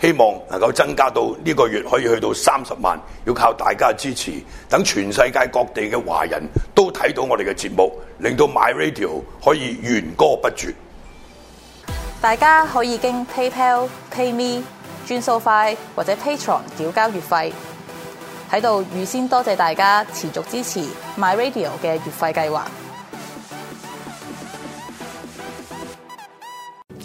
希望能夠增加到呢個月可以去到三十萬，要靠大家支持，等全世界各地嘅華人都睇到我哋嘅節目，令到 My Radio 可以源歌不絕。大家可以經 PayPal、PayMe 轉數快或者 Patreon 繳交月費，喺度預先多謝大家持續支持 My Radio 嘅月費計劃。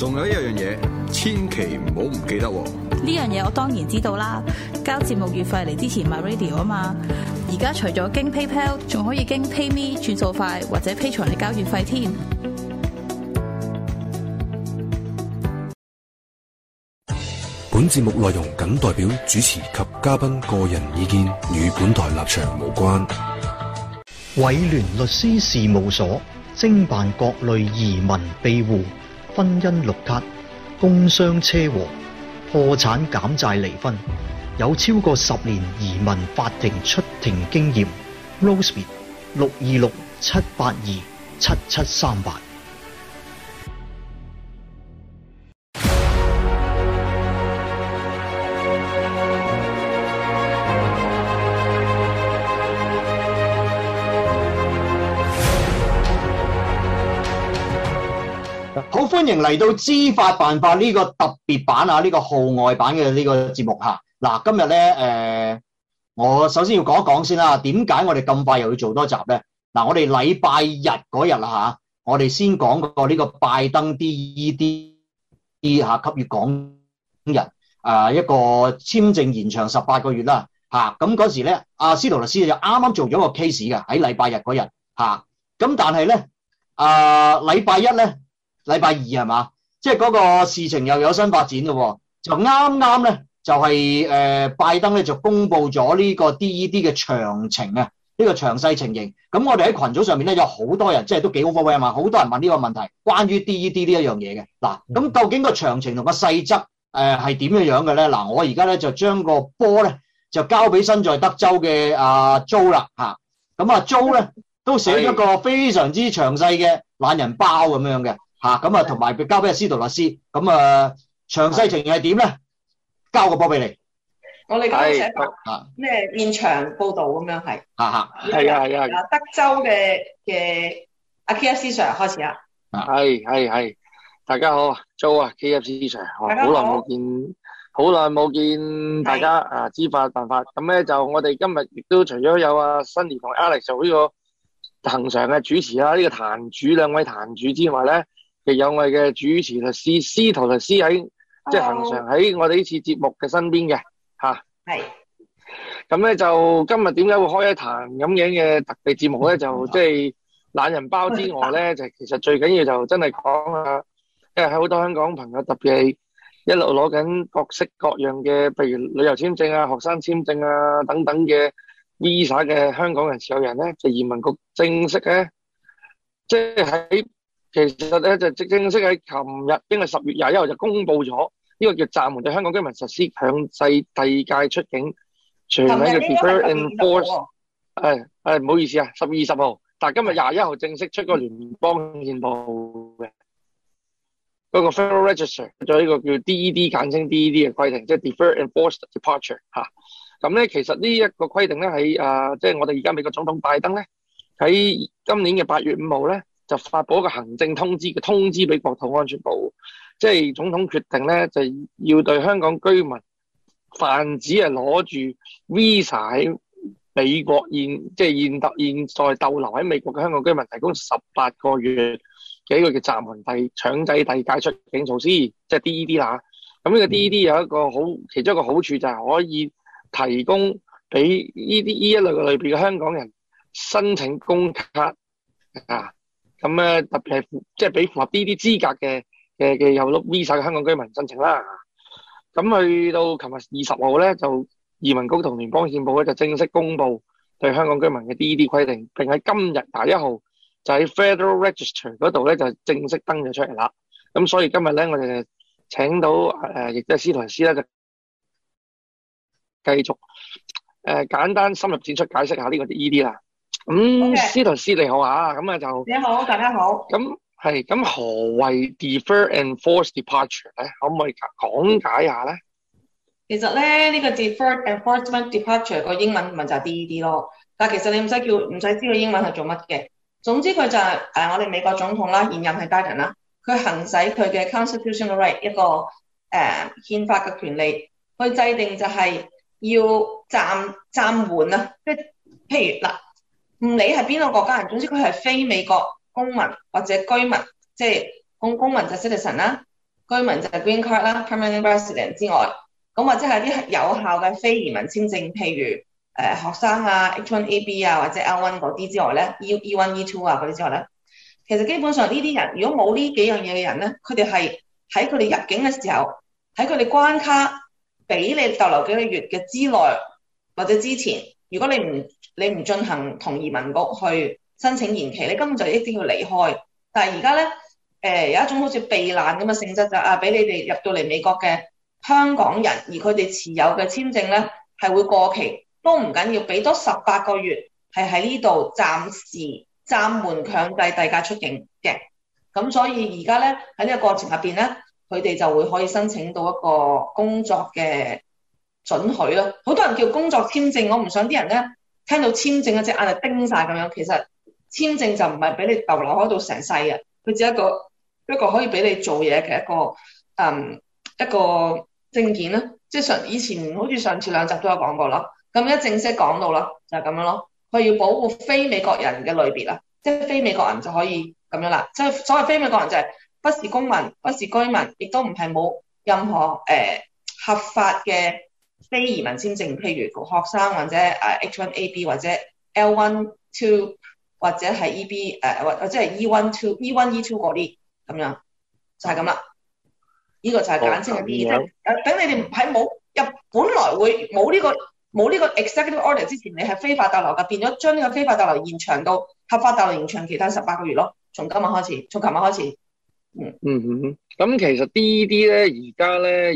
仲有一樣嘢，千祈唔好唔記得喎！呢樣嘢我當然知道啦，交節目月費嚟支持 MyRadio 啊嘛！而家除咗經 PayPal，仲可以經 PayMe 轉數快，或者 Patreon 嚟交月費添。本節目內容僅代表主持及嘉賓個人意見，與本台立場無關。偉聯律師事務所，經辦各類移民庇護。婚姻綠卡、工傷車禍、破產減債離婚，有超過十年移民法庭出庭經驗 Rosie e 六二六七八二七七三八。嚟到知法犯法呢、這個特別版啊，呢、這個號外版嘅呢個節目嚇。嗱、啊，今日咧、呃、我首先要講一講先啦。點解我哋咁快又要做多集咧？嗱、啊，我哋禮拜日嗰日啦，我哋先講過呢個拜登 DED 啲、啊、下給予港人啊，一個簽證延長十八個月啦。咁嗰時咧，阿司徒律師就啱啱做咗個 case 嘅喺禮拜日嗰日。咁但係咧啊，禮、啊、拜一咧。禮拜二係嘛？即係嗰個事情又有新發展咯，就啱啱咧就係誒拜登咧就公布咗呢個 DED 嘅詳情啊，呢個詳細情形。咁我哋喺群組上面咧有好多、多人，即係都幾好嘅位係嘛，好多人問呢個問題關於，關於 DED 呢一樣嘢嘅。嗱，咁究竟個詳情同個細則誒係點樣樣嘅咧？嗱、啊，我而家咧就將個波咧就交俾身在德州嘅阿 Joe 啦吓，咁啊，啊 Joe 咧都寫咗個非常之詳細嘅懶人包咁樣嘅。吓咁啊，同埋佢交俾阿司徒律師，咁啊，詳細情形係點咧？交個波俾你，我哋交寫博，咩現場報道咁樣係，啊係啊係啊，的的德州嘅嘅阿 KFC Sir 開始啊。係係係，大家好，Joe 啊，KFC Sir，好，好耐冇見，好耐冇見大家的啊，知法犯法，咁咧就我哋今日亦都除咗有阿 Sunny 同 Alex 做呢個恒常嘅主持啊。呢個壇主兩位壇主之外咧。嘅有位嘅主持律師司徒律師喺即係恒常喺我哋呢次節目嘅身邊嘅吓，係咁咧，就今日點解會開一壇咁樣嘅特別節目咧，就即係懶人包之外咧 就其實最緊要就真係講，啊，即係喺好多香港朋友特別係一路攞緊各式各樣嘅譬如旅遊簽證啊學生簽證啊等等嘅 visa 嘅香港人持有人咧，就移民局正式咧，即係喺其實咧就正正式喺琴日，因為十月廿一號就公布咗呢個叫暫緩對香港居民實施強制遞解出境，全名叫 deferred enforced 唉，唔好意思啊，十月二十號，但今日廿一號正式出個聯邦憲報嘅嗰個 federal register，做呢個叫 ded 簡稱 ded 嘅規定，即係 deferred enforced departure 吓，咁咧其實呢一個規定咧喺啊，即係我哋而家美國總統拜登咧喺今年嘅八月五號咧。就發布一個行政通知嘅通知俾國土安全部，即係總統決定咧，就要對香港居民，泛指係攞住 Visa 喺美國現即係現特現在逗留喺美國嘅香港居民，提供十八個月嘅一個嘅暫緩遞強制遞解出境措施，即係 DED 啦。咁呢個 DED 有一個好，其中一個好處就係可以提供俾呢啲呢一類嘅類別嘅香港人申請公卡啊。咁咧特別係即係俾符合 D.D. 資格嘅嘅嘅有碌 Visa 嘅香港居民申請啦。咁去到琴日二十號咧，就移民局同聯邦憲報咧就正式公布對香港居民嘅 D.D. 規定，並喺今日廿一號就喺 Federal Register 嗰度咧就正式登咗出嚟啦。咁所以今日咧，我哋就請到誒亦都係司徒律師咧，就繼續誒、呃、簡單深入淺出解釋下呢個 D.D. 啦。咁、嗯、Okay. 司徒師你好啊，咁啊就你好，大家好。咁係咁何為 deferred enforced departure 咧？可唔可以講解，解下咧？其實咧呢、這個 deferred enforced departure 個英文問就係 DED 咯，但係其實你唔使叫唔使知道英文係做乜嘅。總之佢就係、是、誒、呃、我哋美國總統啦，現任係拜登啦，佢行使佢嘅 constitutional right 一個誒憲、呃、法嘅權利去制定就係要暫暫緩啊，即係譬，譬如嗱。唔理係邊個國家人，總之佢係非美國公民或者居民，即係公公民就 citizen 啦，居民就係 green card 啦，permanent resident 之外，咁或者係啲有效嘅非移民簽證，譬如誒學生啊，H1AB 啊，或者 L1 嗰啲之外咧，U、E1、e、E2 啊嗰啲之外咧，其實基本上呢啲人，如果冇呢幾樣嘢嘅人咧，佢哋係喺佢哋入境嘅時候，喺佢哋關卡俾你逗留幾個月嘅之內或者之前。如果你唔你唔進行同移民局去申請延期，你根本就一定要離開。但係而家咧，誒、呃、有一種好似避難咁嘅性質、就是，就啊俾你哋入到嚟美國嘅香港人，而佢哋持有嘅簽證咧係會過期，都唔緊要，俾多十八個月係喺呢度暫時暫緩強制遞解出境嘅。咁所以而家咧喺呢個過程入面咧，佢哋就會可以申請到一個工作嘅。准許咯，好多人叫工作簽證，我唔想啲人咧聽到簽證嗰隻眼就叮晒咁樣。其實簽證就唔係俾你逗留喺度成世嘅，佢只係一個一個可以俾你做嘢嘅一個嗯一個證件啦。即係上以前好似上次兩集都有講過啦。咁一正式講到啦，就係、是、咁樣咯。佢要保護非美國人嘅類別啦，即係非美國人就可以咁樣啦。即係所謂非美國人就係不是公民、不是居民，亦都唔係冇任何誒、呃、合法嘅。非移民簽證，譬如學生或者啊 H1A、B 或者 L1、Two 或者係 EB 誒，或或者係、e、E1、e、Two、E1E 嗰啲咁樣，就係咁啦。呢、呢個就係簡稱 D、啊。b 等你哋喺冇入，本來會冇呢個冇呢個 Executive Order 之前，你係非法逗留嘅，變咗將呢個非法逗留延長到合法逗留延長其他十八個月咯。從今日開始，從琴日開始。嗯嗯哼，咁其實 BB 咧，而家咧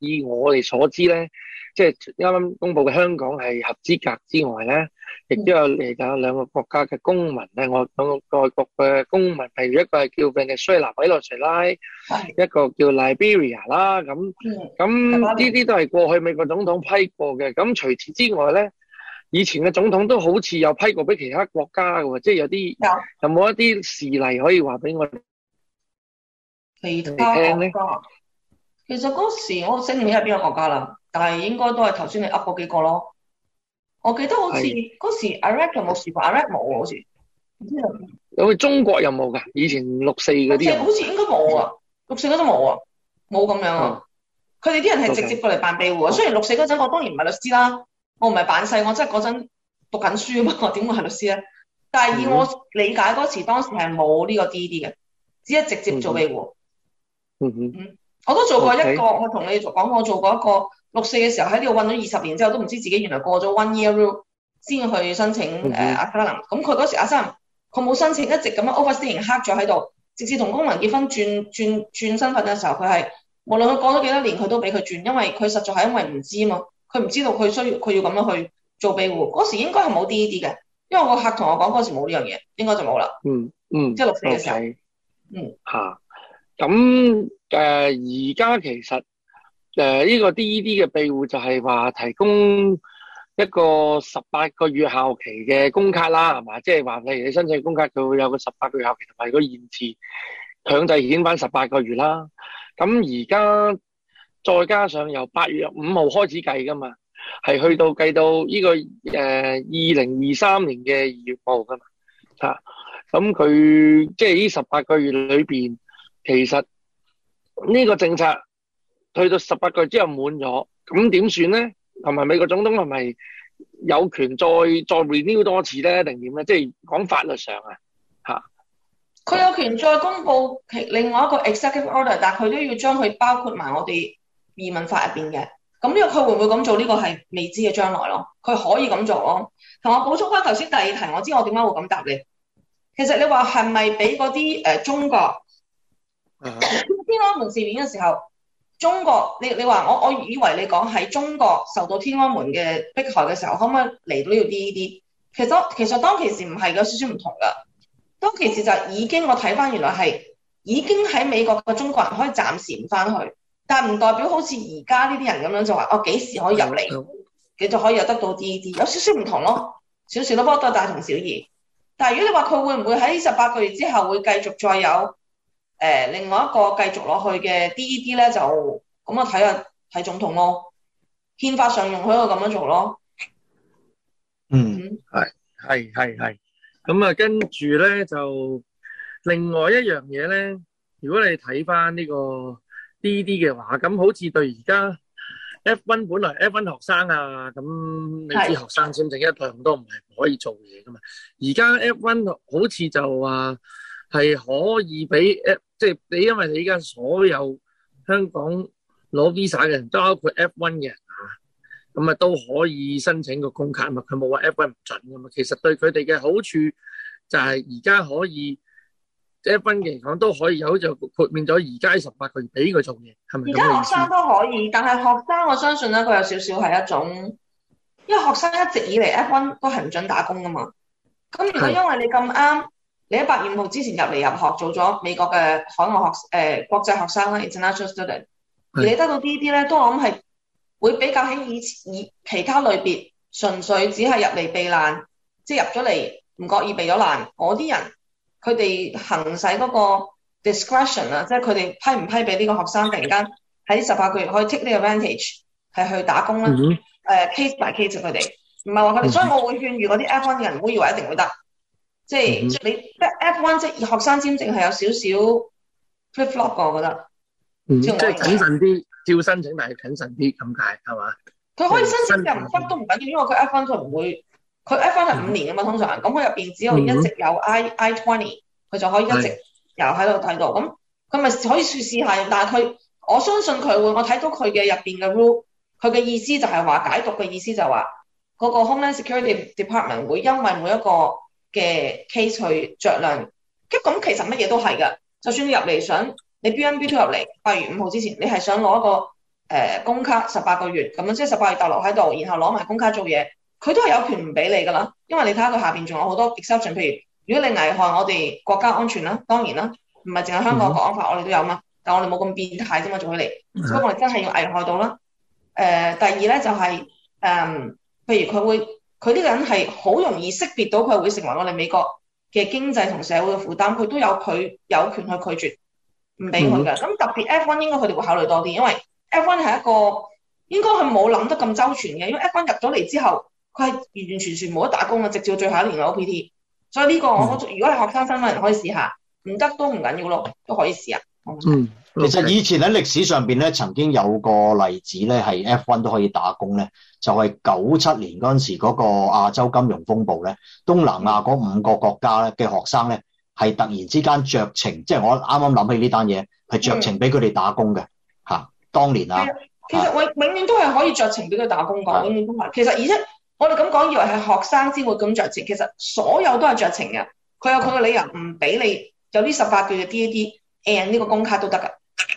以我哋所知咧，即係啱啱公布嘅香港係合資格之外咧，亦都有另外兩個國家嘅公民咧。嗯、我外國嘅公民，譬如一個係叫名嘅委內瑞拉，一個叫 Liberia 啦。咁咁呢啲都係過去美國總統批過嘅。咁、嗯、除此之外咧，以前嘅總統都好似有批過俾其他國家嘅，即、就、係、是、有啲、啊、有冇一啲事例可以話俾我哋聽呢？其實嗰時我醒唔起係邊個國家啦，但係應該都係頭先你噏嗰幾個咯。我記得好似嗰的時 Iraq 又冇事吧？Iraq 冇好似。有中國有冇噶？以前六四嗰啲。好似應該冇啊，嗯、六四嗰啲冇啊，冇咁樣啊。佢哋啲人係直接過嚟辦庇護。嗯、雖然六四嗰陣我當然唔係律師啦，我唔係扮細，我真係嗰陣讀緊書啊嘛，我點會係律師咧？但係以我理解嗰時，嗯、當時係冇呢個 D D 嘅，只係直接做庇護、嗯。嗯哼。嗯我都做過一個，我同 Okay. 你講，我做過一個六四嘅時候喺呢度混咗二十年之後，都唔知道自己原來過咗 one year rule 先去申請誒阿生林。咁佢嗰時阿生，佢冇申請，一直咁樣 overstay 黑咗喺度，直至同公民結婚轉轉轉身份嘅時候，佢係無論佢過咗幾多年，佢都俾佢轉，因為佢實在係因為唔知嘛，佢唔知道佢需要佢要咁樣去做庇護。嗰時應該係冇呢啲嘅，因為我個客同我講嗰時冇呢樣嘢，應該就冇啦、嗯。嗯嗯，即係六四嘅時候。okay. 嗯，吓咁、啊。誒，而家、呃、其實誒呢、呃這個 DED 嘅庇護就係話提供一個十八個月效期嘅公卡啦，係嘛？即係話，譬如你申請公卡，佢會有個十八個月效期同埋個延遲強制遣返十八個月啦。咁而家再加上由八月五號開始計噶嘛，係去到計到呢、這個誒二零二三年嘅二月五號噶嘛吓。咁、啊、佢、嗯、即係呢十八個月裏邊，其實。呢個政策去到十八個月之後滿咗，咁點算咧？同埋美國總統係咪有權再再 renew 多次咧？定點咧？即係講法律上啊，嚇佢有權再公布其另外一個 executive order，但係佢都要將佢包括埋我哋移民法入邊嘅。咁呢個佢會唔會咁做？呢、這個係未知嘅將來咯。佢可以咁做咯。同我補充翻頭先第二題，我知我點解會咁答你。其實你話係咪俾嗰啲誒中國？Uh huh. 天安門事件嘅時候，中國，你你話我我以為你講喺中國受到天安門嘅迫害嘅時候，可唔可以嚟到呢度 DED？其實其實當其時唔係嘅，有少少唔同噶。當其時就已經我睇翻原來係已經喺美國嘅中國人可以暫時唔翻去，但唔代表好似而家呢啲人咁樣就話我幾時可以入嚟，佢就可以又得到 DED，有少少唔同咯，少少都不過都係大同小異。但係如果你話佢會唔會喺十八個月之後會繼續再有？誒，另外一個繼續落去嘅 D.D 咧，就咁我睇下睇總統咯，憲法上用佢，我咁樣做咯、嗯。嗯，係係係係。咁啊，跟住咧就另外一樣嘢咧，如果你睇翻呢個 D.D 嘅話，咁好似對而家 F1 本來 F1 學生啊，咁你知學生簽證一樣都，唔係唔可以做嘢噶嘛。而家 F1 好似就話。係可以俾 a，即係你因為你依家所有香港攞 visa 嘅人都包括 F1 嘅人啊，咁啊都可以申請個工卡啊嘛，佢冇話 F1 唔準噶嘛。其實對佢哋嘅好處就係而家可以即 F1 嘅銀行都可以有就豁免咗而家十八個月俾佢做嘢，係咪？而家學生都可以，但係學生我相信咧，佢有少少係一種，因為學生一直以嚟 F1 都係唔準打工噶嘛。咁如果因為你咁啱。你喺八月五號之前入嚟入學，做咗美國嘅海外學誒、呃、國際學生啦，international student 是。而你得到些呢啲咧，都我諗係會比較喺以前以其他類別，純粹只係入嚟避難，即入咗嚟唔覺意避咗難。我啲人佢哋行使嗰個 discretion 啊，即係佢哋批唔批俾呢個學生突然間喺十八個月可以 take 呢個 vantage 係去打工啦、嗯嗯呃。case by case 佢哋，唔係話佢哋，嗯、所以我會勸喻嗰啲 F one 嘅人唔好以為一定會得。即係你 F1，mm hmm. 即係 F1 即係學生簽證係有少少 flip flop 過，fl op, 我覺得即係謹慎啲，照申請，但係謹慎啲咁解係嘛？佢可以申請入唔分，都唔緊要，因為佢 F1 都唔會，佢 F1 係五年啊嘛，mm hmm. 通常咁佢入邊只有一直有 I、mm hmm. I20，佢就可以一直又喺度睇到，咁佢咪可以試試係，但係佢我相信佢會，我睇到佢嘅入邊嘅 rule，佢嘅意思就係話解讀嘅意思就話嗰、那個 Homeland Security Department 會因為每一個。嘅 case 去着量，咁咁其實乜嘢都係噶。就算你入嚟想你 B N B Two 入嚟八月五號之前，你係想攞一個誒、呃、公卡十八個月咁樣即係十八月逗留喺度，然後攞埋公卡做嘢，佢都係有權唔俾你噶啦。因為你睇下佢下面仲有好多 exception，譬如如果你危害我哋國家安全啦，當然啦，唔係淨係香港國安法，mm hmm. 我哋都有嘛。但我哋冇咁變態啫嘛，做佢哋。不、mm hmm. 所以我哋真係要危害到啦。誒、呃，第二咧就係、是、誒、呃，譬如佢會。佢呢個人係好容易識別到佢會成為我哋美國嘅經濟同社會嘅負擔，佢都有佢有權去拒絕唔俾佢嘅。咁特別 F1 應該佢哋會考慮多啲，因為 F1 係一個應該佢冇諗得咁周全嘅，因為 F1 入咗嚟之後，佢係完完全全冇得打工嘅，直至最後一年嘅 OPT。所以呢、呢個我、嗯、如果係學生身份可以試下，唔得都唔緊要咯，都可以試啊。嗯，其實以前喺歷史上邊咧，曾經有個例子咧，係 F1 都可以打工咧。就係九七年嗰陣時，嗰個亞洲金融風暴咧，東南亞嗰五個國家咧嘅學生咧，係突然之間酌情，即係我啱啱諗起呢單嘢，係酌情俾佢哋打工嘅吓，當年啦、啊嗯。其實我永遠都係可以酌情俾佢打工噶，永遠都係。其實而且我哋咁講，以為係學生先會咁酌情，其實所有都係酌情嘅。佢有佢嘅理由，唔俾你有呢十八句嘅 DAD and 呢個工卡都得噶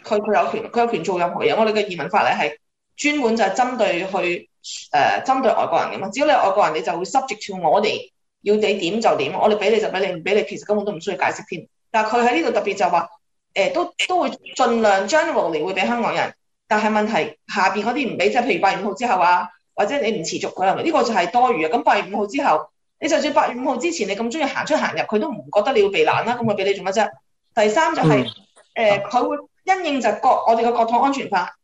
佢佢有權，佢有權做任何嘢。我哋嘅移民法呢係專門就係針對去。誒，針對外國人嘅嘛，只要你係外國人，你就會 subject to 我哋要你點就點，我哋俾你就俾你，唔俾你其實根本都唔需要解釋添。但係佢喺呢度特別就話，誒、呃，都都會盡量 generally 會俾香港人，但係問題下邊嗰啲唔俾，即係譬如八月五號之後啊，或者你唔持續嗰日，呢、這個就係多餘啊。咁八月五號之後，你就算八月五號之前你咁中意行出行入，佢都唔覺得你要避難啦，咁佢俾你做乜啫？第三就係誒，佢會因應就國我哋嘅國土安全法。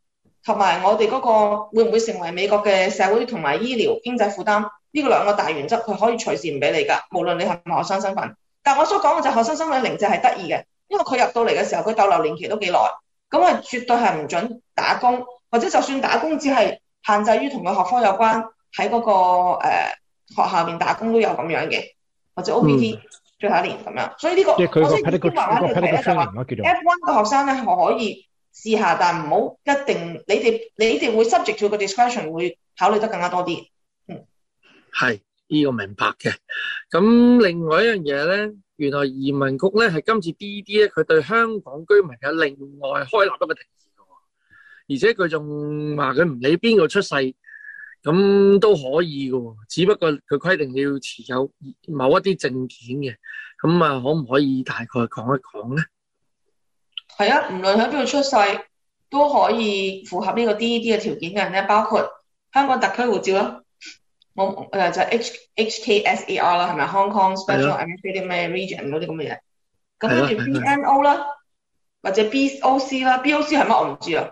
同埋我哋嗰個會唔會成為美國嘅社會同埋醫療經濟負擔，呢個兩個大原則，佢可以隨時唔俾你㗎。無論你係唔係學生身份，但我所講嘅就學生身份零就係得意嘅，因為佢入到嚟嘅時候佢逗留年期都幾耐，咁啊絕對係唔准打工，或者就算打工只係限制於同佢學科有關，喺嗰、嗰個學、呃、學校面打工都有咁樣嘅，或者 OPT、嗯、最後一年咁樣。所以呢個我睇呢，就話 F1 嘅學生呢，可以試下，但唔好一定，你哋你哋會 subject to 個 discussion 會考慮得更加多啲、嗯。嗯，係呢個明白嘅。咁另外一樣嘢咧，原來移民局咧係今次啲啲咧，佢對香港居民有另外開立一個定義嘅，而且佢仲話佢唔理邊個出世，咁都可以嘅。只不過佢規定要持有某一啲證件嘅，咁啊，可唔可以大概講一講咧？係啊，唔論喺邊度出世都可以符合呢個 D.D 嘅條件嘅人咧，包括香港特區護照啦，我誒就 H H K S A R 啦，係咪 Hong Kong Special Entry 啲咩 region 嗰啲咁嘅嘢？咁跟住 B N O 啦，或者 B O C 啦，B O C 係乜我唔知啊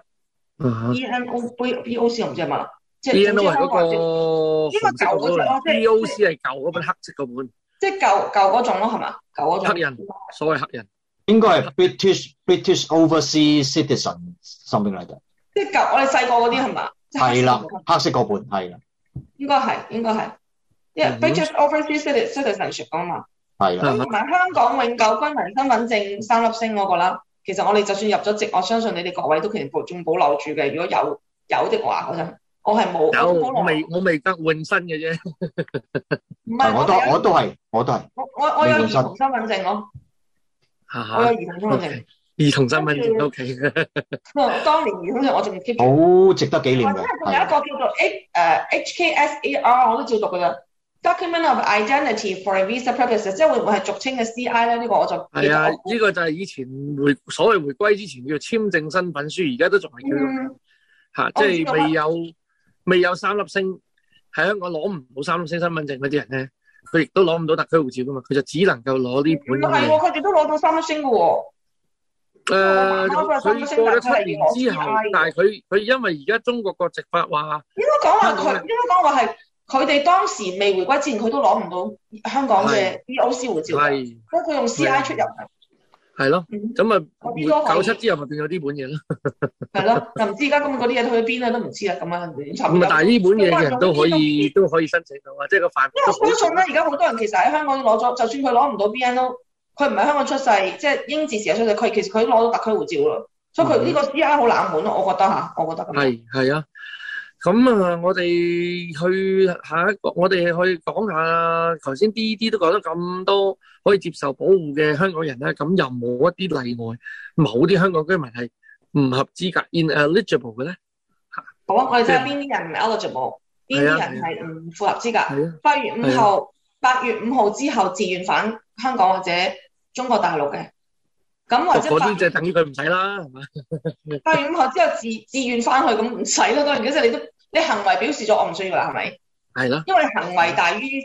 ，B N O B O C 我唔知啊嘛，即係 B N O 係嗰個，呢個舊嗰隻咯，即係 B O C 係舊本黑色本，即係舊舊嗰種咯，係嘛？舊嗰種黑人，所謂黑人。應該係 British British Overseas Citizen something like that 上面嚟嘅，即係舊我哋細個嗰啲係嘛？係啦，黑色嗰半係啦，應該係，應該係，因為 British Overseas Citizen 嚟噶嘛，係啦。咁唔係香港永久居民身份證三粒星嗰個啦。其實我哋就算入咗籍，我相信你哋各位都其實保仲保留住嘅。如果有有的話，我我係冇，我未我未得換身嘅啫。唔係我都我都係我都係。我我我有兒童身份證囉。我有兒童身份證，兒童身份證屋企嘅。當年兒童證我仲記得。好值得紀念嘅。仲有一個叫做 A 誒 HKSAR，我都照讀噶啦。Document of Identity for a Visa Purpose，即係會唔會係俗稱嘅 CI 咧？呢個我就係啊，呢個就係以前回所謂回歸之前叫做簽證身份書，而家都仲係叫咁樣。吓，即係未有未有三粒星喺香港攞唔到三粒星身份證嗰啲人咧。佢亦都攞唔到特區護照噶嘛，佢就只能夠攞呢本係，佢哋都攞到三星噶喎。誒、呃，所以、呃、過咗七年之後，但係佢佢因為而家中國國籍法話，應該講話佢，麼應該講話係佢哋當時未回歸之前，佢都攞唔到香港嘅 D O C 護照，咁佢的用 C I 出入。係咯，咁啊，九七之後咪變咗呢本嘢咯。係咯的，就唔 知而家咁嗰啲嘢去咗邊啊，都唔知啊咁啊，尋。唔係，但係呢本嘢嘅人都可以，為都可以申請到啊，即係個範。因為我相信啦，而家好多人其實喺香港攞咗，就算佢攞唔到 B N 都，佢唔係香港出世，即係英治時代出世，佢其實佢攞到特區護照咯，所以佢呢個 C I 好冷門咯，我覺得嚇，我覺得。係係啊。咁啊！我哋去下一個，我哋去講下頭先啲啲都講咗咁多可以接受保護嘅香港人咧，咁又冇一啲例外，某啲香港居民係唔合資格 in eligible 嘅咧吓。好啊，我哋睇下邊啲人唔 eligible，邊啲人係唔符合資格。八、啊、月五號，八、啊、月五號之後，之後自願返香港或者中國大陸嘅。咁或者就等於佢唔使啦，係咪？八月五號之後自自願翻去，咁唔使啦。當然即陣你都你行為表示咗我唔需要啦，係咪？係咯。因為行為大於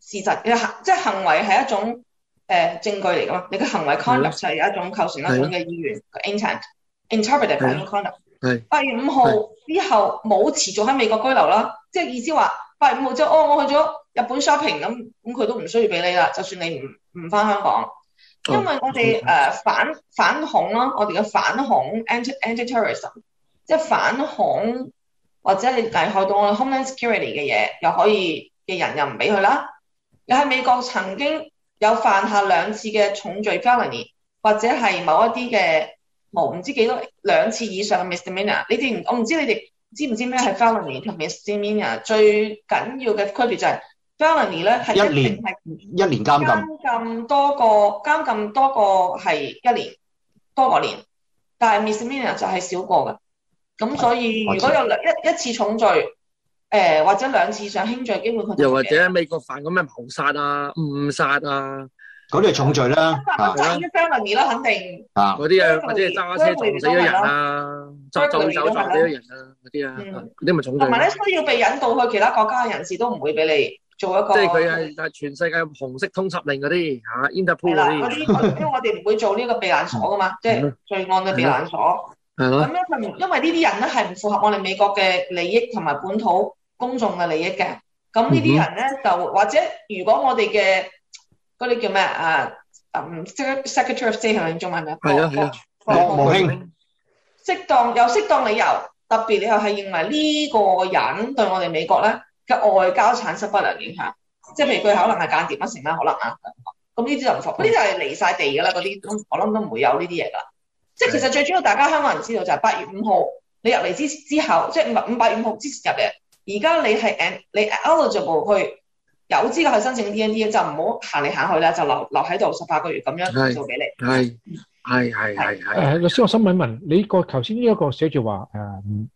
事實，你行即係行為係一種誒證據嚟噶嘛，你嘅行為 convey 係一種構成一種嘅意願 intent interpreter 嘅 convey 係。八月五號之後冇持續喺美國居留啦，即係意思話八月五號之後哦我去咗日本 shopping 咁，咁佢都唔需要俾你啦，就算你唔唔翻香港。因為我哋、oh. 呃、反反恐咯，我哋嘅反恐 anti anti terrorism，即反恐或者你危害到我哋 homeland security 嘅嘢，又可以嘅人又唔俾佢啦。又喺美國曾經有犯下兩次嘅重罪 felony，或者係某一啲嘅冇唔知幾多兩次以上嘅 misdemeanor。你哋我唔知你哋知唔知咩係 felony 同 misdemeanor？最緊要嘅區別就係、是。Felony 咧係一定係一年監禁多，監禁多個監禁多個係一年多個年，但係 Misdemeanor 就係少個㗎。咁所以如果有兩一一次重罪，誒、呃、或者兩次上輕罪會，基本又或者美國犯咁嘅謀殺啊、誤殺啊，嗰啲係重罪啦。是啊！Family 啦，肯定啊，嗰啲啊，或者揸車撞死咗人啊，撞撞走撞死咗人啊，嗰啲啊，嗰啲咪重罪、啊。同埋咧，需要被引渡去其他國家嘅人士都唔會俾你。做一個，即係佢係全世界紅色通緝令嗰啲吓，Interpol 啲。因為我哋唔會做呢個避難所噶嘛，即係罪案嘅避難所。係咯。咁樣因為呢啲人咧係唔符合我哋美國嘅利益同埋本土公眾嘅利益嘅。咁呢啲人咧就或者，如果我哋嘅嗰啲叫咩啊，嗯、啊、，secretary of state 係咪仲係咪啊？係啊係啊。王兄，適當有適當理由，特別你又係認為呢個人對我哋美國咧？嘅外交產生不良影響，即係譬如佢可能係間諜不成啦，可能啊，咁呢啲就唔熟，嗰啲就係離晒地㗎啦，嗰啲我諗都唔會有呢啲嘢㗎。是的 即係其實最主要，大家香港人知道就係八月五號你入嚟之之後，即係五五八五號之前入嚟。而家你係你 eligible 去有資格去申請 DED 就唔好行嚟行去啦，就留留喺度十八個月咁樣做俾你。是的是的。係係係係，誒，律師，我想問一問，你個頭先呢一個寫住話，誒，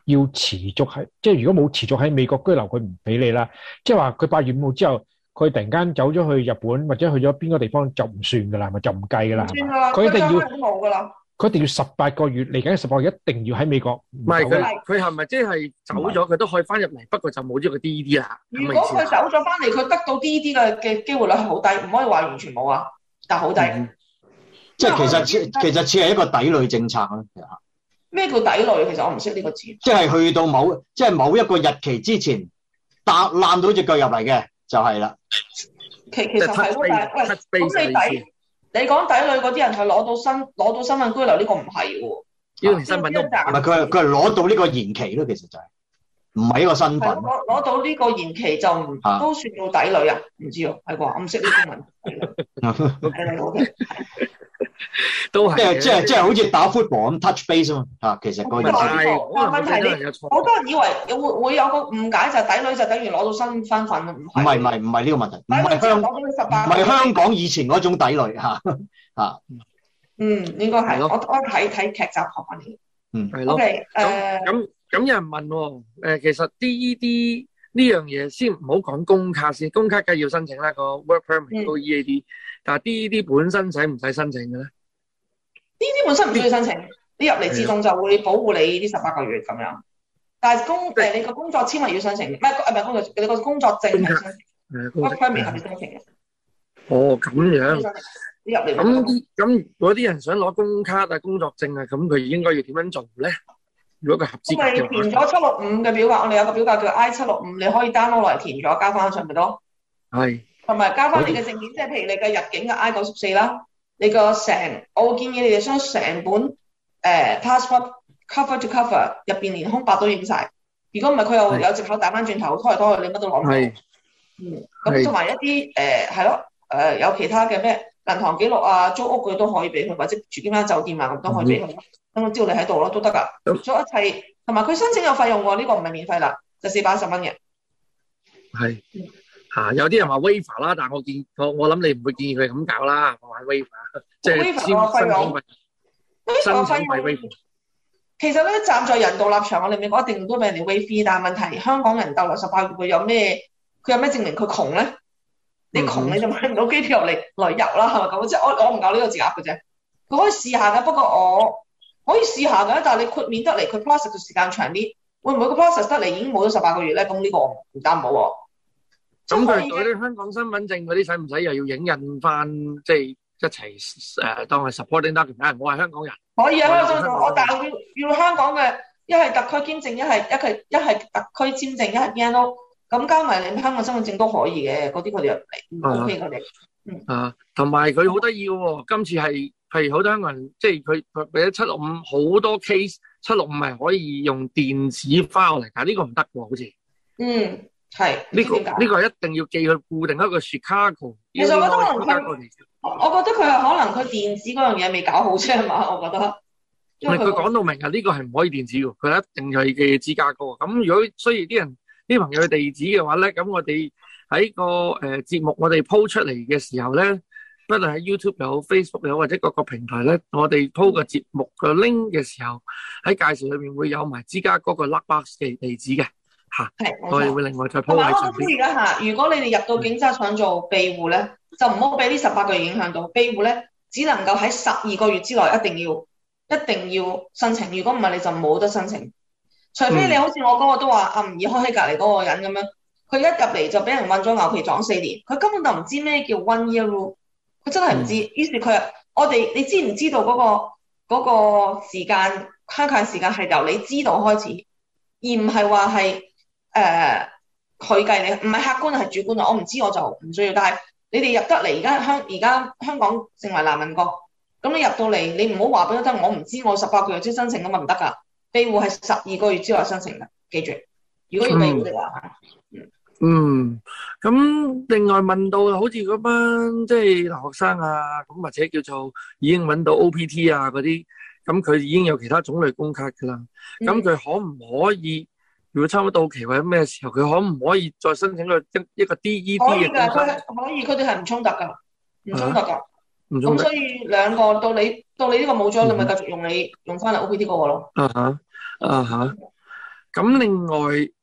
要持續喺，即係如果冇持續喺美國居留，佢唔俾你啦。即係話佢八月五號之後，佢突然間走咗去日本或者去咗邊個地方，就唔算噶啦，咪就唔計噶啦。佢一定要冇噶啦，佢一定要十八個月，嚟緊嘅十八個月一定要喺美國。唔係佢，佢係咪即係走咗，佢都可以翻入嚟，不過就冇咗個 D D 啦。如果佢走咗翻嚟，佢得到 D D 嘅嘅機會率係好低，唔可以話完全冇啊，但係好低。即係其實似其實似係一個抵壘政策咯，其實咩叫抵壘？其實我唔識呢個字。即係去到某即係某一個日期之前，搭爛到隻腳入嚟嘅就係、是、啦。其其實係喎，但為底你講抵壘嗰啲人係攞到身攞到身份居留呢、這個唔係喎，因為身份都唔係佢係佢係攞到呢個延期咯，其實就係、是。唔係呢個身份，攞到呢個延期就唔都算做底女啊？唔知道係啩？我唔識呢啲問題。O K，都係即係即係即係，好似打 football 咁 touch base 啊嘛吓。其實個意思，但問題咧，好多人以為會會有個誤解，就底女就等於攞到新身份啦。唔係唔係唔係呢個問題。唔係香港以前嗰種底女吓吓。嗯，應該係我我睇睇劇集學下你。嗯，O K，誒。咁有人問喎，哦，其實 D E D 呢樣嘢先唔好講工卡先，工卡梗係要申請啦，個 work permit 都 E A、嗯、D，但係 D E D 本身使唔使申請嘅咧？D E D 本身唔需要申請，的你入嚟自動就會保護你呢十八個月咁樣。但係工誒你個工作簽係要申請，唔唔係工作你個工作證係卡申請職申請嘅，嗯。哦，咁樣，你入嚟咁咁嗰啲人想攞工卡啊工作證啊，咁佢應該要點樣做咧？如果佢合資格，填咗七六五嘅表格，我哋有一個表格叫 I 七六五，65，你可以 download 落嚟填咗，交翻上咪得。係是。同埋交翻你嘅證件，即係以譬如你嘅入境嘅 I 九十四啦，94，你個成，我建議你哋將成本誒 passport、呃、cover to cover 入邊連空白都影晒。如果唔係，佢又有借口打翻轉頭拖嚟拖去，你乜都攞唔到。是嗯。咁同埋一啲誒係咯，誒是、呃呃、有其他嘅咩銀行記錄啊，租屋佢都可以俾佢，或者住其他酒店啊，咁都可以俾佢。招你喺度咯，都得噶。做一切同埋佢申請有費用喎，呢個唔係免費啦，就四百一十蚊嘅。係吓，有啲人話 Waiver 啦，但我建議我我諗你唔會建議佢咁搞啦。我話 Waiver，即係 Waiver。的的其實咧，站在人道立場，我哋美國一定都俾人哋 Waiver，但係問題香港人逗留十八個月有咩？佢有咩證明佢窮咧？你窮你就買唔到機票落嚟旅遊啦。係咪？咁即係我我唔搞呢個字額嘅啫，佢可以試下嘅。不過我。可以試下㗎，但係你豁免得嚟，佢 process 嘅時間長啲。會唔會個 process 得嚟已經冇咗十八個月咧？咁呢個唔擔唔好喎。咁佢嗰啲香港身份證嗰啲使唔使又要影印翻？即係一齊誒、uh, 當係 supporting document 我係香港人。可以啊，我但係要，要香港嘅一係特區簽證，一係一係一係特區簽證，一係 BNO 咁加埋你香港身份證都可以嘅，嗰啲佢哋又唔理，唔好 care 佢哋。啊，同埋佢好得意喎，今次係。譬如好多香港人，即係佢，佢俾咗七六五好多 case，七六五係可以用電子 file 嚟搞，呢個唔得喎，好似。嗯，係呢、這個呢個係一定要寄去固定一個雪卡，其實我覺得都可能佢，我覺得佢係可能佢電子嗰樣嘢未搞好啫嘛，我覺得。因為佢講到明啊，呢、這個係唔可以電子嘅，佢一定係嘅芝加哥。咁如果需要啲人啲朋友嘅地址嘅話咧，咁我哋喺個誒、呃、節目我哋鋪出嚟嘅時候咧。不論喺 YouTube 又好 Facebook 又好，或者各個平台咧，我哋 po 個節目個 link 嘅時候，喺介紹裏面會有埋之家嗰個 Luckbox 嘅地址嘅吓，啊、我哋會另外再 po 埋。同埋我都呼籲一下的，如果你哋入到警察署做庇護咧，嗯、就唔好俾呢十八個月影響到庇護咧，只能夠喺十二個月之內一定要一定要申請。如果唔係你就冇得申請，除非你、嗯、好似我嗰個都話阿吳怡開喺隔籬嗰個人咁樣，佢一入嚟就俾人揾咗牛皮撞四年，佢根本就唔知咩叫 one year rule, 真係唔知，嗯、於是佢，我哋，你知唔知道嗰、嗰個嗰、嗰個時間卡界時間係由你知道開始，而唔係話係誒佢計你，唔係客觀係主觀啊！我唔知我就唔需要。但係你哋入得嚟，而家香而家香港成為難民國，咁你入到嚟，你唔好話俾得我唔知，我十八個月先申請咁咪唔得噶？庇護係十二個月之內申請噶記住。如果要庇護嘅話，嗯。嗯嗯，咁另外問到，好似嗰班即係留學生啊，咁或者叫做已經揾到 OPT 啊嗰啲，咁佢已經有其他種類工卡噶啦，咁佢可唔可以？嗯、如果差唔多到期或者咩時候，佢可唔可以再申請個一一個 DEP？可以，佢係可以，佢哋係唔衝突噶，唔衝突噶。咁、啊、所以兩個到你到你呢個冇咗，你咪繼續用你用翻嚟 OPT 嗰個咯。啊哈，啊哈。咁另外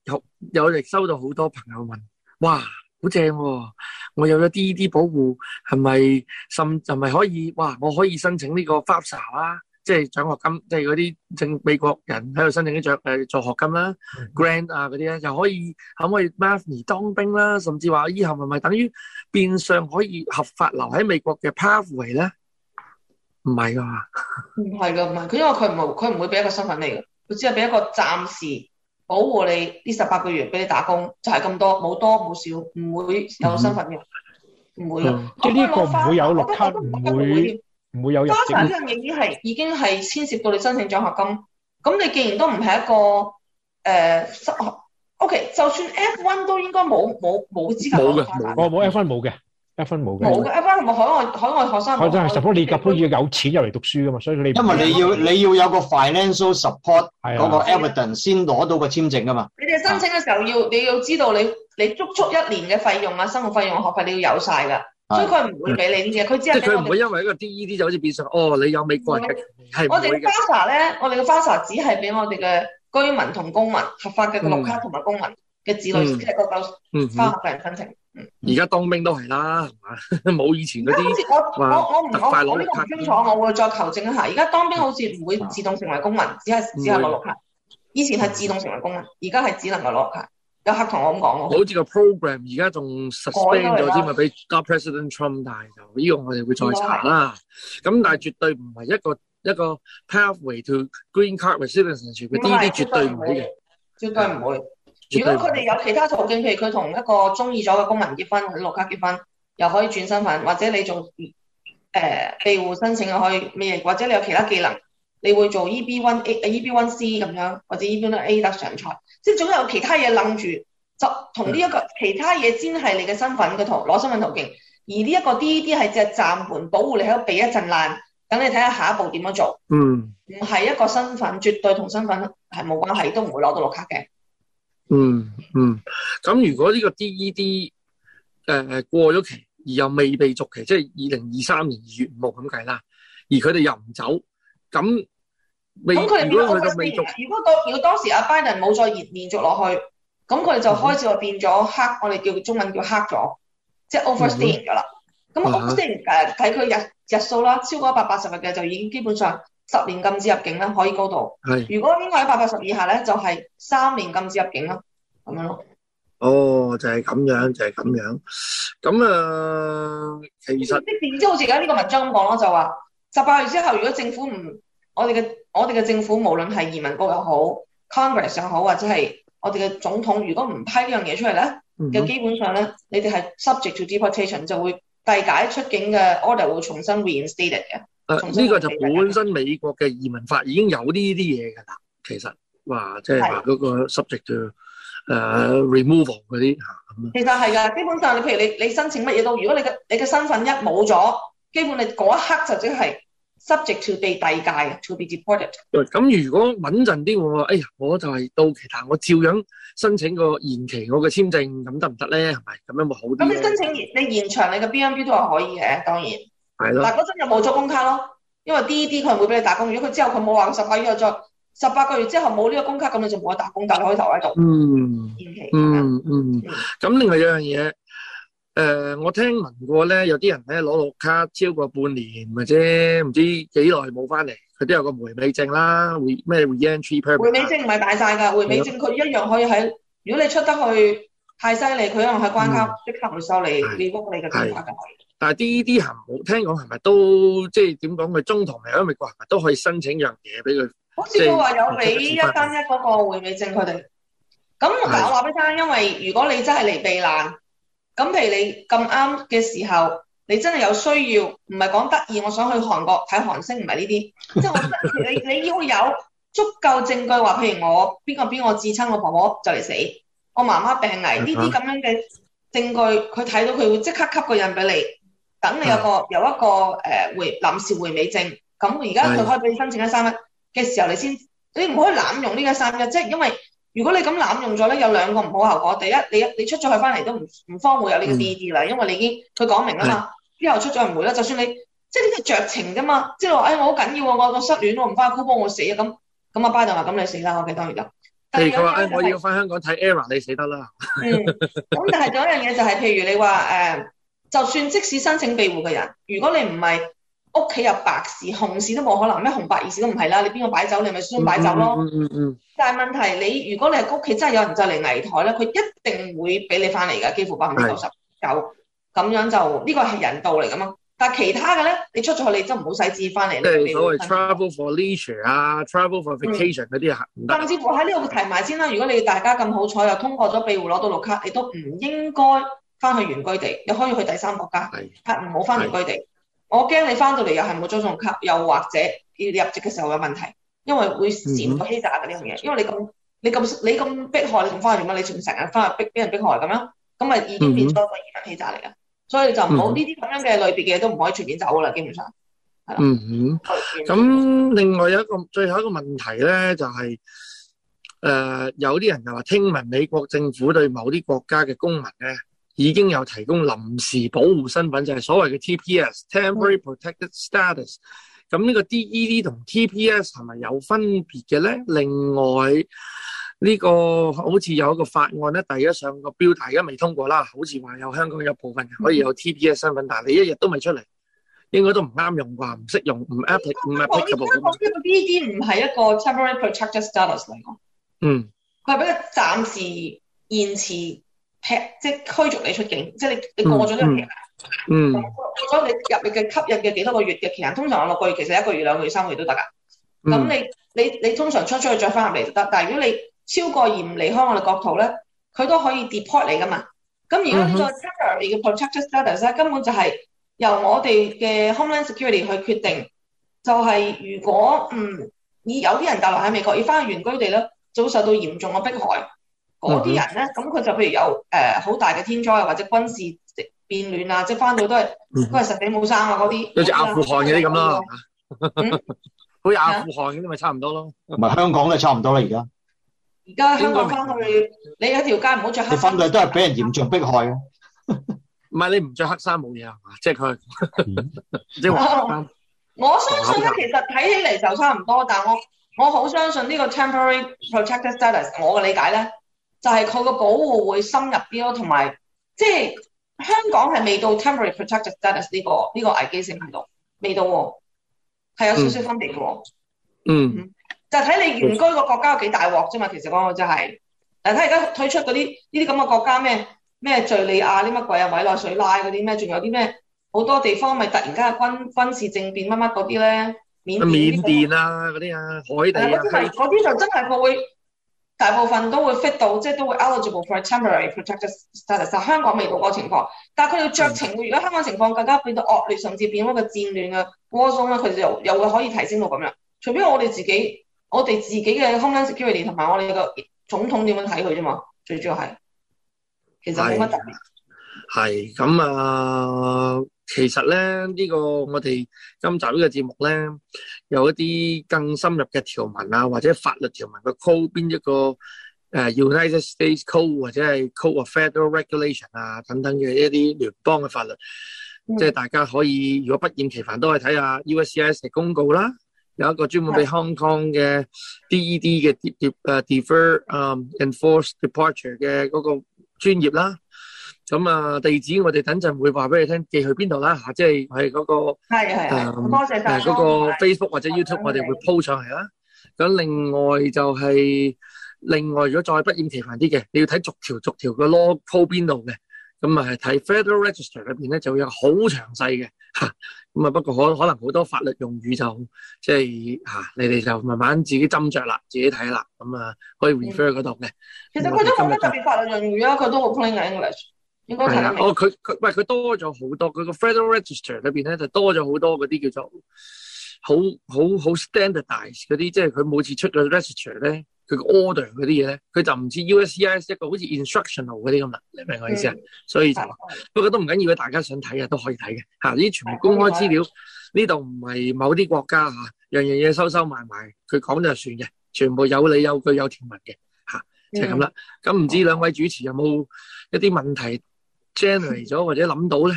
有有亦收到好多朋友問，哇，好正、啊，我有咗 D.D 保護，係咪，甚，就咪可以，哇，我可以申請呢個 FAFSA、啊、即係獎學金，即係嗰啲正美國人喺度申請啲助，誒，助學金啦，Grant 啊嗰啲咧，就可以，可唔可以 Marvin 當兵啦、啊，甚至話以後係咪等於變相可以合法留喺美國嘅 Pathway 咧？唔係噶，唔係噶，唔係，佢因為佢唔係，佢唔會俾一個身份嚟嘅，佢只係俾一個暫時。保護你呢十八個月俾你打工就係、是、咁多，冇多冇少，唔會有身份嘅，唔會嘅。呢個唔會有綠、嗯、卡，唔會，唔會有入境呢樣嘢已經係已經係牽涉到你申請獎學金。咁你既然都唔係一個誒失學，O K，就算 F one 都應該冇冇冇資格冇冇、哦、F one 冇嘅。一分冇嘅，冇嘅的，一分係咪海外海外學生？學生係十方，你夾都要有錢入嚟讀書噶嘛，所以你因為你要為你要有個 financial support 嗰個 evidence 先攞到個簽證噶嘛。你哋申請嘅時候要你要知道你你足足一年嘅費用啊，生活費用學費你要有晒噶，的所以佢唔會俾你嘅，佢只係佢唔會因為一個 D.E.D 就好似變成哦，你有美國係唔會嘅。我哋 FAFSA 咧，我哋嘅 FAFSA 只係俾我哋嘅居民同公民合法嘅綠卡同埋公民。合法的的嘅子女 s e 個嗰嚿三百人申請，而家當兵都係啦，冇以前嗰啲。我我我唔我唔清楚，我會再求證一下。而家當兵好似唔會自動成為公民，只係只係攞綠卡。以前係自動成為公民，而家係只能夠攞綠卡。有客同我咁講喎。好似個 program 而家仲 suspend 咗，之咪俾 President Trump 帶走。依個我哋會再查啦。咁但係絕對唔係一個一個 pathway to green card residency，全部呢啲絕對唔會嘅，應該唔會。如果佢哋有其他途徑，譬如佢同一個中意咗嘅公民結婚，綠卡結婚又可以轉身份，或者你做誒、呃、庇護申請又可以，咩？或者你有其他技能，你會做 e b one a e b one c 咁樣，或者 e b one a 得上菜，即係總有其他嘢諗住，就同呢一個是的其他嘢先係你嘅身份嘅途攞身份途徑，而呢一個 d d 係只係暫緩保護你喺度避一陣難，等你睇下下一步點樣做。嗯，唔係一個身份絕對同身份係冇關係，都唔會攞到綠卡嘅。嗯嗯，咁、嗯、如果呢個 D.E.D. 誒、呃、過咗期，而又未被續期，即係二零二三年二月五號咁計啦，而佢哋又唔走，咁未、嗯、stand, 如果佢未續如，如果當如果當時阿拜登冇再延延續落去，咁佢哋就開始就變咗黑，嗯、我哋叫中文叫黑咗，即係 overstay 咗啦。咁 overstay 誒睇佢日日數啦，超過一百八十日嘅就已經基本上。十年禁止入境啦，可以高度，係是。如果應該喺百八十以下咧，就係、是、三年禁止入境啦，咁樣咯。哦，就係、是、咁樣，就係、是、咁樣。咁啊，其實即係即好似而家呢個文章咁講咯，就話十八個月之後，如果政府唔，我哋嘅我哋嘅政府，無論係移民局又好，Congress 又好，或者係我哋嘅總統，如果唔批呢樣嘢出嚟咧，就、嗯、哼基本上咧，你哋係 subject to deportation 就會遞解出境嘅 order 會重新 reinstated 嘅。呢、呃呢個就是本身美國嘅移民法已經有呢啲嘢噶啦，其實話即係話嗰個 subject to 誒的、uh, removal 嗰啲吓咁。啊、其實係噶，基本上你譬如你你申請乜嘢都，如果你嘅你嘅身份一冇咗，基本上你嗰一刻就即係 subject to be 遞解，to be deported。咁如果穩陣啲，我哎呀，我就係到期，但我照樣申請個延期我嘅簽，我嘅簽證咁得唔得咧？係咪咁樣會好啲？咁你申請你延長你嘅 B m B 都係可以嘅，當然。係咯，嗱嗰陣又冇咗工卡咯，因為 D D 佢唔會俾你打工，如果佢之後佢冇話十八個月再十八個月之後冇呢個工卡，咁你就冇得打工，但你可喺度，嗯。嗯，嗯的嗯，咁另外有樣嘢，誒、呃，我聽聞過咧，有啲人咧攞綠卡超過半年或者唔知幾耐冇翻嚟，佢都有個回美證啦，permit，回咩？回美證唔係大晒噶，回美證佢一樣可以喺，嗯，如果你出得去太犀利，佢，嗯，可能喺關卡即刻會收你免工你嘅工卡但係啲行冇聽講係咪都即係點講？佢中途係喺美國係咪都可以申請樣嘢俾佢？好似佢話有俾一單一嗰個回美證佢哋。咁、嗯，但係我話俾你聽，因為如果你真係嚟避難，咁譬如你咁啱嘅時候，你真係有需要，唔係講得意，我想去韓國睇韓星，唔係呢啲。即係你 你要有足夠證據，話譬如我邊個邊個至親我婆婆就嚟死，我媽媽病危呢啲咁樣嘅證據，佢睇到佢會即刻吸個印俾你。等你有個、啊、有一個誒回臨時回美證，咁而家佢可以俾你申請一三日嘅時候，你先你唔可以濫用呢一三日，即係因為如果你咁濫用咗咧，有兩個唔好後果。第一，你你出咗去翻嚟都唔唔方會有呢個、B、D D 啦，嗯、因為你已經佢講了明啊嘛。之、嗯、後出咗唔會啦，就算你即係呢啲酌情㗎嘛，即係話、就是、哎我好緊要啊，我要我失戀我唔翻工幫我死啊咁。咁阿巴就話咁你死啦我 K 當然得。第二個誒、就是哎、我要翻香港睇 e、ER、r a 你死得啦。 嗯，咁但係有一樣嘢就係、是、譬如你話誒。呃就算即使申請庇護嘅人，如果你唔係屋企有白事、紅事都冇可能，咩紅白意思都唔係啦。你邊個擺酒，你咪先擺酒咯。嗯嗯嗯、但係問題你，如果你係屋企真係有人就嚟危殆咧，佢一定會俾你翻嚟噶，幾乎百分之九十九咁樣，就呢個係人道嚟噶嘛。但係其他嘅咧，你出咗去你真唔好使紙翻嚟。即係所謂 travel for leisure 啊，travel for vacation 啲啊、嗯，唔得。甚至乎喺呢度提埋先啦，如果你大家咁好彩又通過咗庇護攞到綠卡，你都唔應該。翻去原居地，你可以去第三國家，是但唔好翻原居地。是我驚你翻到嚟又係冇簽證卡，又或者要你入籍嘅時候有問題，因為會涉到欺詐嗰啲嘢。嗯、哼因為你咁你咁你咁迫害，你仲翻嚟做乜？你全成日翻去逼，俾人逼害咁樣，咁咪已經變咗一個移民欺詐嚟噶。嗯、哼所以就唔好呢啲咁樣嘅類別嘅嘢都唔可以全面走噶啦，基本上。嗯，咁另外有一個最後一個問題咧，就係、是、誒、呃、有啲人就話聽聞美國政府對某啲國家嘅公民咧。已經有提供臨時保護身份，就係、係、所謂嘅 TPS（Temporary Protected Status）。咁呢、嗯、個 DED 同 TPS 係咪有分別嘅咧？另外呢、呢個好似有一個法案咧，第一上個標題而家未通過啦，好似話有香港有部分人可以有 TPS 身份，嗯、但你一日都未出嚟，應該都唔啱用啩，唔識用，唔 applicable，呢個 DED 唔係一個 temporary protected status 嚟講。嗯，佢係俾佢暫時延遲。即係驅逐你出境，即係你你過咗呢個期間，過咗、嗯嗯、你入嚟嘅吸引嘅幾多個月嘅期間，通常我六個月，其實一個月、兩個月、三個月都得噶。咁、嗯、你你你通常出出去再翻入嚟就得，但係如果你超過而唔離開我哋國土咧，佢都可以 deport 你噶嘛。咁而家呢個 temporary 嘅 protected status 呢，根本就係由我哋嘅 homeland security 去決定，就係如果唔以、嗯、有啲人逗留喺美國要翻去原居地咧，就會受到嚴重嘅迫害。嗰啲、嗯、人咧，咁佢就譬如有誒好、呃、大嘅天災，或者軍事變亂啊，即係翻到都係、嗯、都係實體冇生啊，嗰啲，好似阿富汗嗰啲咁啦，嗯、 好似阿富汗嗰啲咪差唔多咯，唔係香港都差唔多啦，而家，而家香港翻去你喺條街唔好着黑衫，你翻到都係俾人嚴重迫害啊，唔 係你唔着黑衫冇嘢啊，即係佢，我相信呢其實睇起嚟就差唔多，但係我我好相信呢個 temporary protected status，我嘅理解咧。就係佢個保護會深入啲咯，同埋即係香港係未到 temporary protected status 呢個呢個危機性喺度，未到喎，係有少少分別嘅喎、嗯。嗯，嗯就睇你原居個國家有幾大鑊啫嘛。其實講真係，但睇而家推出嗰啲呢啲咁嘅國家咩咩敍利亞啲乜鬼啊，委內瑞拉嗰啲咩，仲有啲咩好多地方咪突然間軍軍事政變乜乜嗰啲咧？緬甸緬甸啊嗰啲啊，海地啊嗰啲係嗰啲就真係佢會。大部分都會 fit 到，即係都會 eligible for temporary protected status。香港未到嗰個情況，但係佢哋酌情。嗯、如果香港情況更加變到惡劣，甚至變咗一個戰亂嘅波動咧，佢又會可以提升到咁樣。除非我哋自己，我哋自己嘅 Homeland Security 同埋我哋嘅總統點樣睇佢啫嘛，最主要係其實冇乜特別。係咁啊。其實咧，呢個我哋今集呢個節目咧，有一啲更深入嘅條文啊，或者法律條文嘅 code，邊一個誒 United States Code 或者係 Code of Federal Regulation 啊等等嘅一啲聯邦嘅法律，即係大家可以如果不厭其煩都係睇下 USCIS 嘅公告啦，有一個專門俾 Hong Kong 嘅 DED 嘅 deferred u enforced departure 嘅嗰個專業啦。咁啊，地址我哋等陣會話俾你聽，寄去邊度啦。吓，即係喺嗰個係係多謝嗰個 Facebook 的或者 YouTube 的我哋會 post 上嚟啦。咁的另外就係、是、另外，如果再不厭其煩啲嘅，你要睇逐條逐條個 log 鋪邊度嘅，咁、嗯、啊係睇 Federal Register 裏邊咧，就有好詳細嘅吓。咁啊，不過可可能好多法律用語就即係吓，你哋就慢慢自己斟酌啦，自己睇啦。咁啊，可以 refer 嗰度嘅、嗯。其實佢都冇乜特別法律用語啊，佢都好 plain English 係啊，哦佢佢喂佢多咗好多，佢個 Federal Register 裏邊咧就多咗好多嗰啲叫做好好好 standardize 嗰啲，即係佢每次出嘅 Register 咧，佢個 order 嗰啲嘢咧，佢就唔似 USCIS 一個好似 instructional 嗰啲咁啦，明唔明我意思啊？所以就，不過都唔緊要嘅，大家想睇嘅都可以睇嘅。吓，呢啲全部公開資料，呢度唔係某啲國家吓，樣樣嘢收收埋埋，佢講就算嘅，全部有理有據有條文嘅，吓，就係咁啦。咁唔知兩位主持有冇一啲問題？generate 咗或者諗到咧，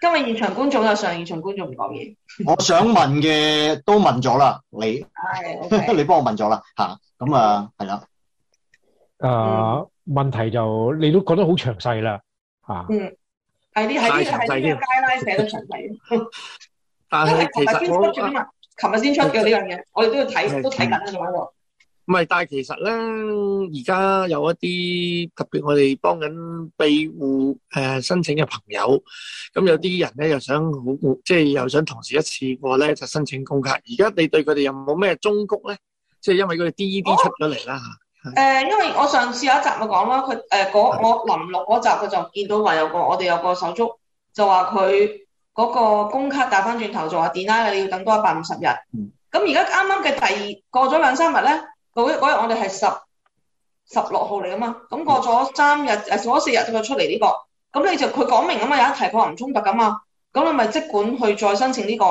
今日現場觀眾有上，現場觀眾唔講嘢。我想問嘅都問咗啦，你，uh, okay. 你幫我問咗啦，吓，咁啊，係啦，誒、uh,，問題就你都覺得好詳細啦，吓，係啲係呢係 guideline 寫得詳細，但係其實我琴日先出嘅呢樣嘢，啊、我哋都要睇，嗯、都睇緊唔係，但係其實咧，而家有一啲特別，我哋幫緊庇護誒申請嘅朋友，咁有啲人咧又想好即係又想同時一次過咧就申請公卡。而家你對佢哋有冇咩忠告咧？即係因為佢哋 D D 出咗嚟啦吓。誒、哦，是因為我上次有一集咪講啦，佢誒、呃、我臨錄嗰集，佢就見到話有個我哋有個手足就話佢嗰個公卡打翻轉頭，就話點啊，你要等多一百五十日。咁而家啱啱嘅第二過咗兩三日咧。嗰日我哋係十十六號嚟啊嘛，咁過咗三日誒，四日就出嚟呢個，咁你就佢講明咁嘛，有一題個唔衝突㗎嘛，咁你咪即管去再申請呢個，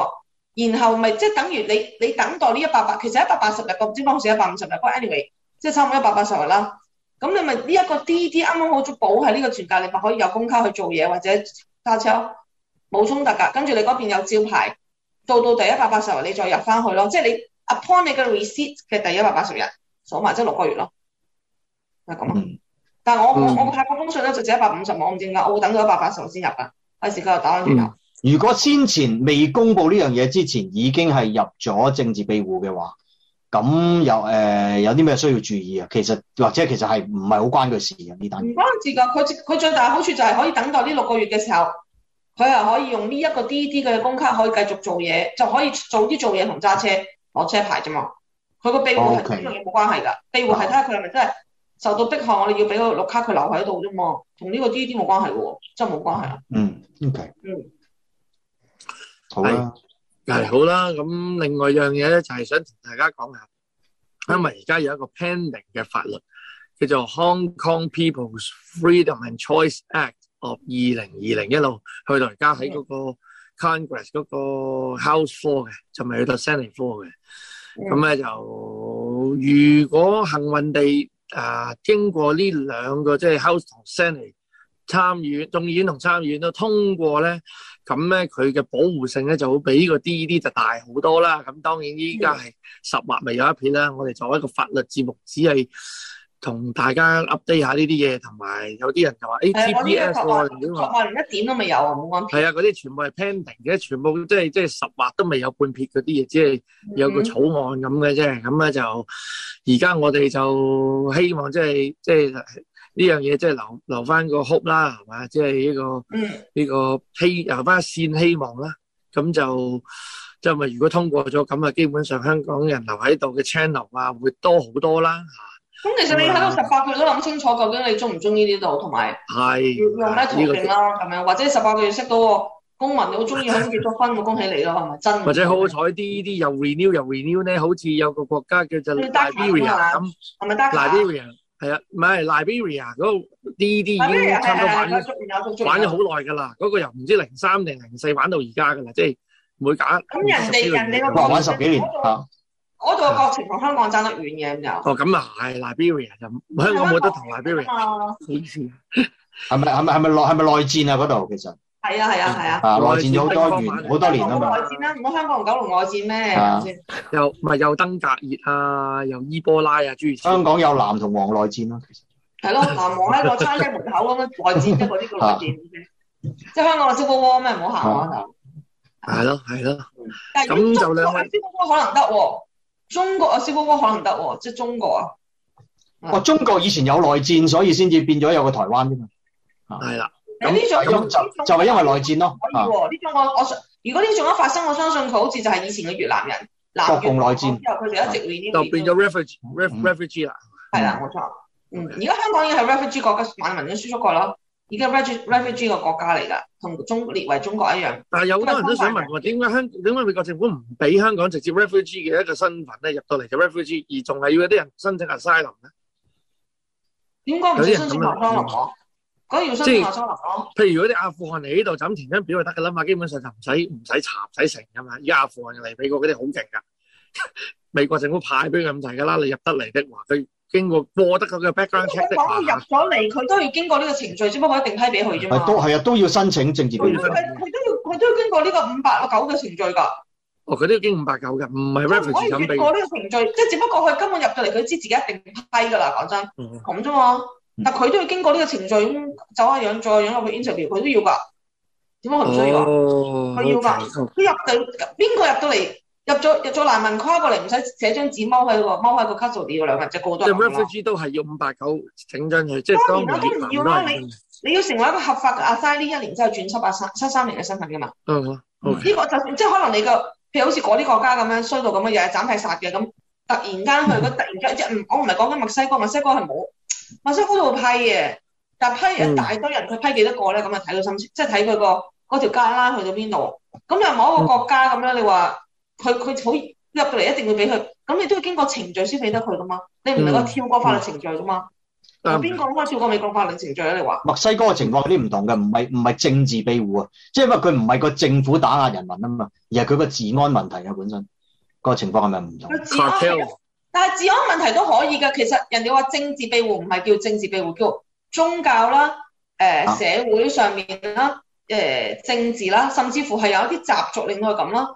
然後咪即係等於你你等待呢一百八，其實一百八十日,日, anyway, 日個官方好似一百五十日，不過 anyway 即差唔多一百八十日啦。咁你咪呢一個 D D 啱啱好咗保喺呢個全摺你咪可以有公卡去做嘢或者揸車，冇衝突噶。跟住你嗰邊有招牌，到到第一百八十日你再入翻去咯，即係你。upon 你嘅 receipt 嘅第一百八十日數埋，即係六個月咯，就係咁咯。但係我我我睇個封信咧，就接一百五十，我唔知點解，我會等到一百八十先入噶。開始佢又打開入。如果先前未公布呢樣嘢之前已經係入咗政治庇護嘅話，咁有誒、呃、有啲咩需要注意啊？其實或者其實係唔係好關佢事嘅呢單？唔關事噶，佢佢最大好處就係可以等待呢六個月嘅時候，佢係可以用呢一個 D D 嘅工卡可以繼續做嘢，就可以早啲做嘢同揸車。攞車牌啫嘛，佢個庇護係同呢樣嘢冇關 Okay. 係噶，庇護係睇下佢係咪真係受到迫害我，我哋要俾個綠卡佢留喺度啫嘛，同呢個 D D 冇關係喎，真係冇關係。嗯，O K，嗯，好啦吧，係、哎、好啦，咁另外一樣嘢咧就係想同大家講下，因為而家有一個 pending 嘅法律，叫做 Hong Kong People's Freedom and Choice Act of 2020一路去到而家喺嗰個。Congress 嗰個 House floor 嘅，就唔去到 Senate floor 嘅。咁咧的就，如果幸運地啊，經過呢兩個即係、就是、House 同 Senate 參與眾議院同參議院都通過咧，咁咧佢嘅保護性咧就會比呢個 DED 就大好多啦。咁當然依家係十劃咪有一撇啦。的我哋作為一個法律節目，只係。同大家 update 下呢啲嘢，同埋有啲人就話 A.T.P.S.、啊、我點連、啊、一點都未有，有啊，冇按。係啊，嗰啲全部係 pending 嘅，全部即係即係十劃都未有半撇嗰啲嘢，即係有個草案咁嘅啫。咁咧就而家我哋就希望即係即係呢樣嘢，即係留留翻個 hope 啦，係嘛？即係呢個呢、嗯這個希留翻線希望啦。咁就即係如果通過咗咁啊，基本上香港人留喺度嘅 channel 啊，會多好多啦吓。咁其實你喺度十八個月都諗清楚，究竟你中唔中意呢度，同埋用咩途徑啦？咁樣，或者十八個月識到個公民，好中意喺度結咗婚，恭喜你咯，係咪真？或者好彩 d 呢啲又 renew 又 renew 咧，好似有個國家叫做 Liberia 咁，係咪 Liberia？係啊，唔係 Liberia 嗰啲 d 已經差唔多玩咗好耐㗎啦，嗰個又唔知零三定零四玩到而家㗎啦，即係每間咁人哋人哋都玩十幾年我度嘅國情同香港爭得遠嘅，就，哦，咁啊，係 Liberia 啊，就香港冇得同 liberia 係咪係咪係咪內係咪內戰啊？嗰度其實係啊係啊係啊，內戰好多好多年啊嘛。內戰啦，唔好香港同九龍內戰咩？又唔係又登革熱啊，又伊波拉啊，諸如此類，香港有藍同黃內戰啦，其實係咯，藍黃喺個餐廳門口咁樣內戰啫，嗰啲叫內戰即係香港話燒煲鍋咩，唔好行喎，係咯係咯，但係咁就兩位燒煲可能得中國啊，小波波可能得喎，即係中國啊。哦嗯、中國以前有內戰，所以先至變咗有個台灣啫嘛。係啦。咁呢種就係因為內戰咯。呢種我我想如果呢種一發生，我相信佢好似就係以前嘅越南人南越國共內戰之後，佢哋一直就變咗 refuge refugee 啦、嗯。係啦、e，冇、嗯、錯。嗯，而家香港已經係 refuge、e、國家，難民都輸出國咯。而家 refuge refugee 嘅國家嚟噶，同中列為中國一樣。但係有好多人都想問，點解香點解美國政府唔俾香港直接 refugee 嘅一個身份咧？入到嚟就 refugee，而仲係要有啲人申請阿西林咧？點解唔申請阿西林啊？梗係要申請阿西林咯。譬、嗯、如如啲阿富汗嚟呢度填張表就得嘅啦嘛，基本上就唔使唔使查唔使成噶嘛。而家阿富汗嚟美國嗰啲好勁噶。 美國政府派俾佢咁大噶啦，你入得嚟的話，佢經過過得佢嘅 background check 的話，入咗嚟佢都要經過呢個程序，只不過一定批俾佢啫都係啊，都要申請政治。佢都要，佢都，都要經過呢個五百九嘅程序噶。哦，佢都要經五百九嘅，唔係 rapid 審批。可以越過呢個程序，即係只不過佢根本入到嚟，佢知自己一定批噶啦。講真咁啫嘛，但佢都要經過呢個程序，走做下樣，做下樣，去 interview，佢都要噶，點解佢唔需要啊？佢、oh，要噶，佢 okay, okay. 入到邊個入到嚟？入咗入咗難民跨過嚟，唔使寫張紙踎喺個踎喺個卡數啲嗰兩份，即係過咗啦。咁 r e 都係要五百九整張佢。即係當移要啦。你要成為一個合法嘅阿西呢一年之後轉七八三七三年嘅身份嘅嘛？呢個、哦哎、就即係可能你個，譬如好似嗰啲國家咁樣衰到咁樣又係，斬大殺嘅咁，突然間去個、嗯、突然間一我唔係講緊墨西哥，墨西哥係冇，墨西哥度批嘅，但批一大堆人，佢批幾多個咧？咁啊睇到心情，即係睇佢個嗰條街啦去到邊度。咁又某一個國家咁樣，嗯、你話？佢佢好入到嚟，他他一定會俾佢。咁你都要經過程序先俾得佢噶嘛？你唔能夠跳過法律程序噶嘛？邊個咁可以跳過美國法律程序呢啊？你話？墨西哥嘅情況有啲唔同嘅，唔係唔係政治庇護啊，即係因為佢唔係個政府打壓人民啊嘛，而係佢個治安問題啊本身、個情況係咪唔同？呃、但係治安問題都可以㗎。其實人哋話政治庇護唔係叫政治庇護，叫宗教啦、誒、呃啊、社會上面啦、誒、呃、政治啦，甚至乎係有一啲習俗令佢咁啦。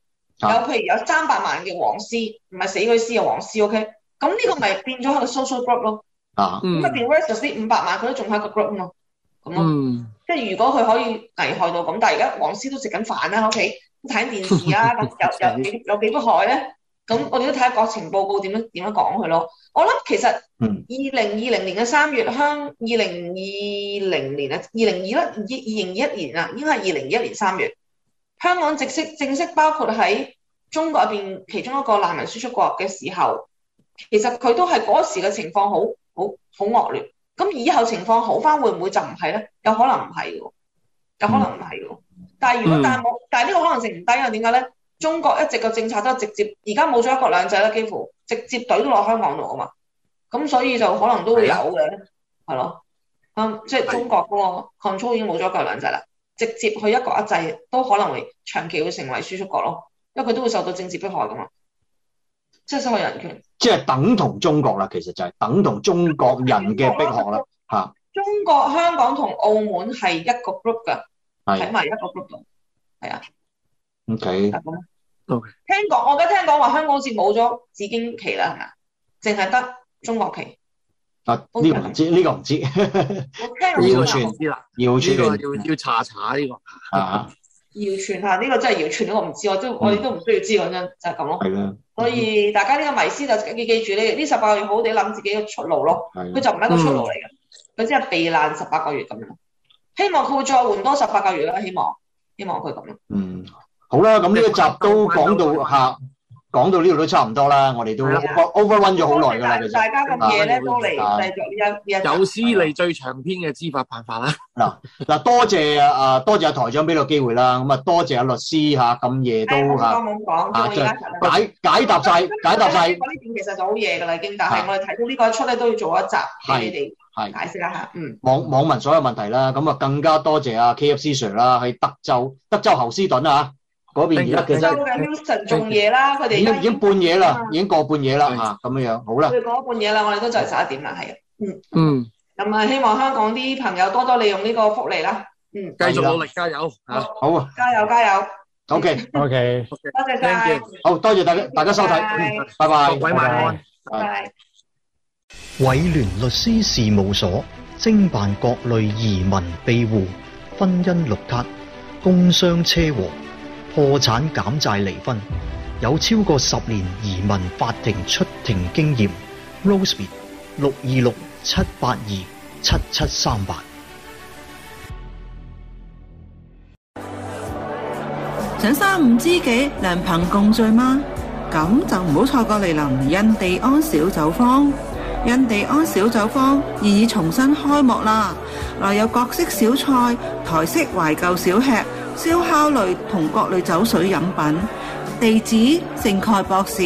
有譬如有三百萬嘅黃絲，唔係死佢絲嘅黃絲 OK，咁呢個咪變咗係個 social group 咯。啊，咁入邊 versus 五百萬，佢都仲係一個 group 啊嘛。咁咯，咯嗯、即係如果佢可以危害到咁，但係而家黃絲都食緊飯啦，OK，都睇電視啊，又 又有有有幾多害咧？咁我哋都睇下國情報告點樣點樣講佢咯。我諗其實二零二零年嘅三月2020，香二零二零年啊，二零二一二二零二一年啊，應該係二零二一年三月。香港正式正式包括喺中國入邊其中一個難民輸出國嘅時候，其實佢都係嗰時嘅情況好好好惡劣。咁以後情況好翻會唔會就唔係咧？有可能唔係嘅，有可能唔係嘅。但係如果但係冇，嗯、但係呢個可能性唔低，因為點解咧？中國一直嘅政策都係直接，而家冇咗一國兩制咧，幾乎直接懟到落香港度啊嘛。咁所以就可能都會有嘅，係咯的，咁即係中國個 control 已經冇咗一國兩制啦。直接去一國一制都可能會長期會成為輸出國咯，因為佢都會受到政治迫害噶嘛，即係侵害人權。即係等同中國啦，其實就係等同中國人嘅迫害啦，嚇。中國，是中國香港同澳門係一個 group 㗎，喺埋的一個 group 度，係啊。O K。咁 OK。聽講，我而家聽講話香港好似冇咗紫荊旗啦，係咪？淨係得中國旗。啊，呢 Okay. 個唔知，呢、這個唔知。呢 個傳唔知啦，謠傳,傳,傳要要查查呢、這個啊。謠傳吓，呢、這個真係謠傳，呢個唔知，我都、嗯、我亦都唔需要知，咁、就是、樣就係咁咯。係啊的。所以大家呢個迷思就記記住呢，呢十八個月好好地諗自己嘅出路咯。佢的就唔係個出路嚟嘅，佢只係避難十八個月咁樣。希望佢會再換多十八個月啦，希望希望佢咁咯。嗯，好啦，咁呢個集都講到下。講到呢度都差唔多啦，我哋都 overrun 咗好耐噶啦。其實大家咁夜咧都嚟製作呢一有史以嚟最長篇嘅司法辦法啦。嗱嗱，多謝啊啊，多謝阿台長俾個機會啦。咁啊，多謝阿律師吓，咁夜都吓解解答晒解答晒。呢點其實就好夜噶啦，已經。但係我哋睇到呢個出咧都要做一集，你哋係解釋一下。嗯。網網民所有問題啦，咁啊更加多謝阿 KFC Sir 啦，喺德州德州侯斯頓啊。嗰邊而家，其實已經半夜啦，已經過半夜啦，吓咁樣樣，好啦，過半夜啦，我哋都就嚟十一點啦，係啊，嗯，嗯，咁啊，希望香港啲朋友多多利用呢個福利啦，嗯，繼續努力，加油啊，好啊，加油加油，OK OK OK，多謝晒，好多謝大家大家收睇，拜拜，各位晚安，拜，偉聯律師事務所，精辦各類移民庇護、婚姻綠卡、工傷車禍。破產減債離婚，有超過十年移民法庭出庭經驗。Rosie e 六二六七八二七七三八，想三五知己良朋共聚嗎？咁就唔好錯過，嚟臨印地安小酒坊。印第安小酒坊現已重新開幕啦！內有各式小菜、台式懷舊小吃、燒烤類同各類酒水飲品。地址：聖蓋博士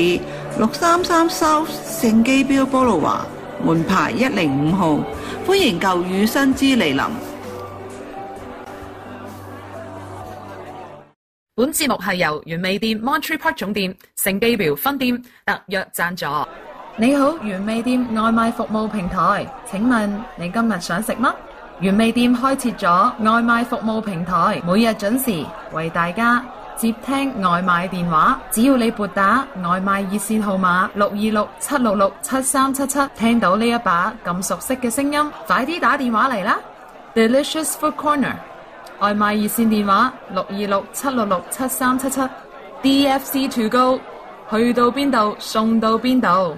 六三三收聖基表波魯華門牌一零五號。歡迎舊雨新知嚟臨。本節目係由原美店 Monterey Park 總店、聖基表分店特約贊助。你好，原味店外賣服務平台，請問你今日想食乜？原味店開設咗外賣服務平台，每日準時為大家接聽外賣電話。只要你撥打外賣熱線號碼六二六七六六七三七七，7 7，聽到呢一把咁熟悉嘅聲音，快啲打電話嚟啦！Delicious Food Corner 外賣熱線電話六二六七六六七三七七，DFC To Go 去到邊度送到邊度。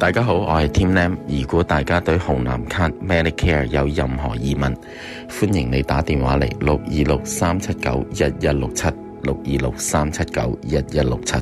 大家好，我係 Tim Lam。如果大家對紅藍卡 Medicare 有任何疑問，歡迎你打電話嚟六二六三七九一一六七，六二六三七九一一六七。